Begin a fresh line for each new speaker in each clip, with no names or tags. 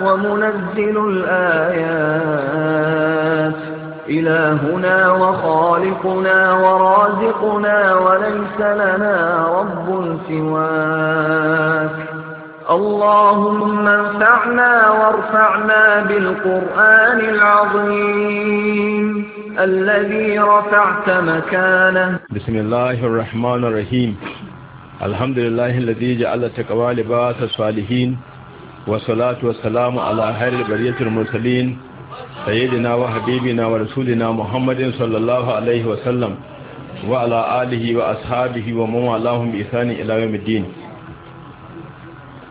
ومنزل الآيات إلهنا وخالقنا ورازقنا وليس لنا رب سواك اللهم انفعنا وارفعنا بالقرآن العظيم الذي رفعت مكانه
بسم الله الرحمن الرحيم الحمد لله الذي جعل التقوى لباس الصالحين والصلاة والسلام على خير البرية المرسلين سيدنا وحبيبنا ورسولنا محمد صلى الله عليه وسلم وعلى آله وأصحابه ومن والاهم بإحسان إلى يوم الدين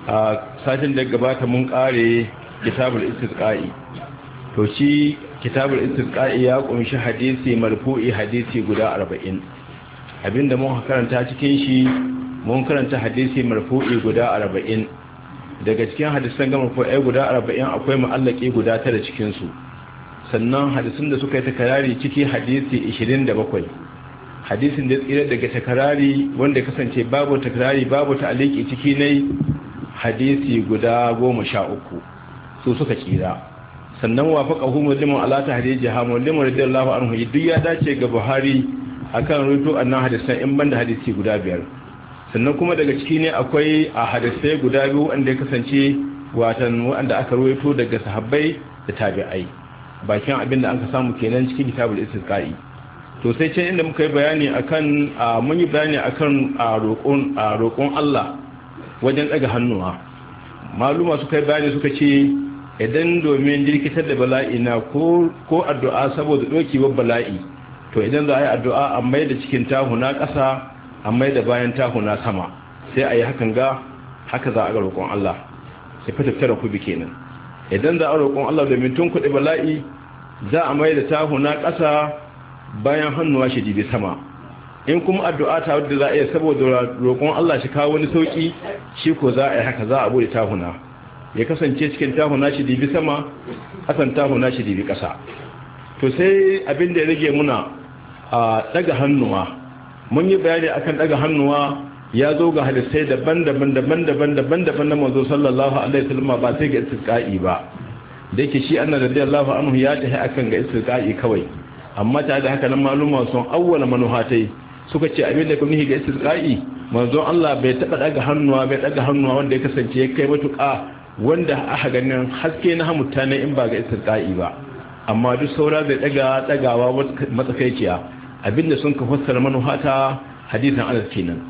a satin da gabata mun kare kitabul istisqa'i to shi kitabul istisqa'i ya ƙunshi hadisi marfu'i hadisi guda abinda mun karanta cikin shi mun karanta hadisi marfu'i guda 40 daga cikin hadisan gama ko ai guda arba'in akwai mu'allaki guda tara cikin su sannan hadisin da suka yi takarari ciki hadisi 27 hadisin da tsira daga takarari wanda kasance babu takarari babu ta'aliki ciki ne hadisi guda 13 su suka kira sannan wa wafaqahu muslimun ala hadisi ha muslimun radiyallahu anhu duk ya dace ga buhari akan rubutu annan hadisan in banda hadisi guda biyar sannan kuma daga ciki ne akwai a hadisai guda biyu wanda ya kasance watan wanda aka ruwaito daga sahabbai da tabi'ai bakin abin da aka samu kenan cikin kitabul istisqa'i to sai can inda muka yi bayani akan mun yi bayani akan roƙon roƙon Allah wajen daga hannuwa maluma suka yi bayani suka ce idan domin jirkitar da bala'i na ko ko addu'a saboda dokewar bala'i to idan za a yi addu'a amma mai da cikin tahu na ƙasa amma da bayan na sama sai a yi hakan ga haka za a ga roƙon Allah sai fata tara ku bi kenan idan za a roƙon Allah domin tun kuɗi bala'i za a mai da na ƙasa bayan hannuwa shi jibi sama in kuma addu'a ta wadda za a yi saboda roƙon Allah shi kawo wani sauƙi shi ko za a yi haka za a bude na ya kasance cikin na shi jibi sama taho na shi jibi ƙasa to sai abin da ya rage muna a daga hannuwa mun yi bayani akan daga hannuwa ya zo ga hadisai daban-daban daban-daban daban-daban na manzo sallallahu alaihi wasallam ba sai ga istiqa'i ba da yake shi annabi radiyallahu anhu ya tafi akan ga istiqa'i kawai amma ta da haka nan maluma sun awwala manuhatai suka ce abin da kun nihi ga istiqa'i manzo Allah bai taba daga hannuwa bai daga hannuwa wanda ya kasance ya kai matuƙa wanda aka ganin haske na mutane in ba ga istiqa'i ba amma duk saura bai daga dagawa matsakaiciya abinda sun ka fassara manuhata hadisin anas kenan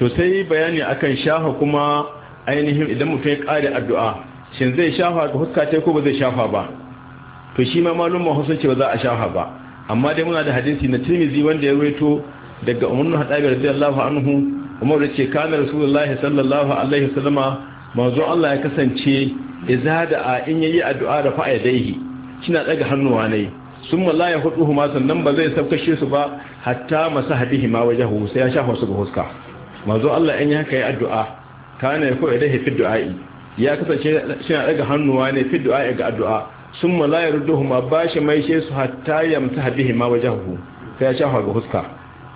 to sai bayani akan shafa kuma ainihin idan mutum ya kare addu'a shin zai shafa ga huska ta ko ba zai shafa ba to shi ma malum ma husun ce ba za a shafa ba amma dai muna da hadisi na Tirmidhi wanda ya rawaito daga Umar bin Hadabi radiyallahu anhu Umar ya ce kana Rasulullahi sallallahu alaihi wasallama manzo Allah ya kasance izada a in yayi addu'a da fa'idaihi shi kina daga hannuwa ne sun ya hudu huma sannan ba zai saukashe su ba hatta masu haɗi hima waje hu sai ya shafa su ga huska manzo Allah in ya haka ya addu'a ko ya koyar da fi du'a'i ya kasance shi na daga hannuwa ne fi du'a'i ga addu'a sun ya rudu huma ba shi mai she su hatta ya mutu haɗi hima waje hu sai ya shafa ga huska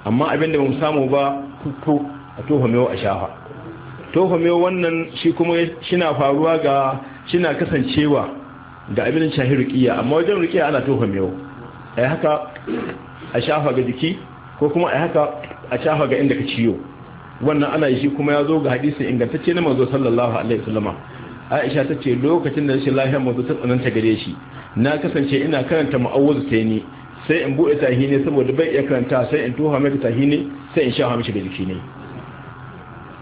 amma abin da mu samu ba kuku a tofamewa a shafa tofamewa wannan shi kuma shi na faruwa ga shi na kasancewa ga abin shahi rukiya amma wajen rukiya ana tofa mewa ai haka a shafa ga jiki ko kuma ai haka a shafa ga inda ka ciyo wannan ana shi kuma ya zo ga hadisi ingantacce na manzo sallallahu alaihi wasallama Aisha ta ce lokacin da shi lafiya manzo ta tsananta gare shi na kasance ina karanta ta ni sai in buɗe tahi ne saboda bai iya karanta sai in toha mai tahi ne sai in shafa mishi ga jiki ne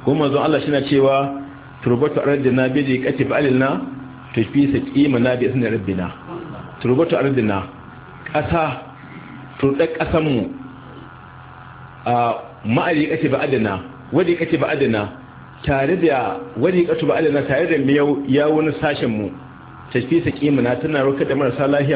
kuma manzo Allah shi na cewa turbatu arjana bi di katib alilna tafi su kima na biya sanar rabbina turbatu ardina ƙasa turɗar ƙasanmu a ma'ali kace ba adana wadi kace ba adana tare da wadi kace ba adana tare da miyau ya wani sashen mu tafi kima na tana roƙa da marasa lahiya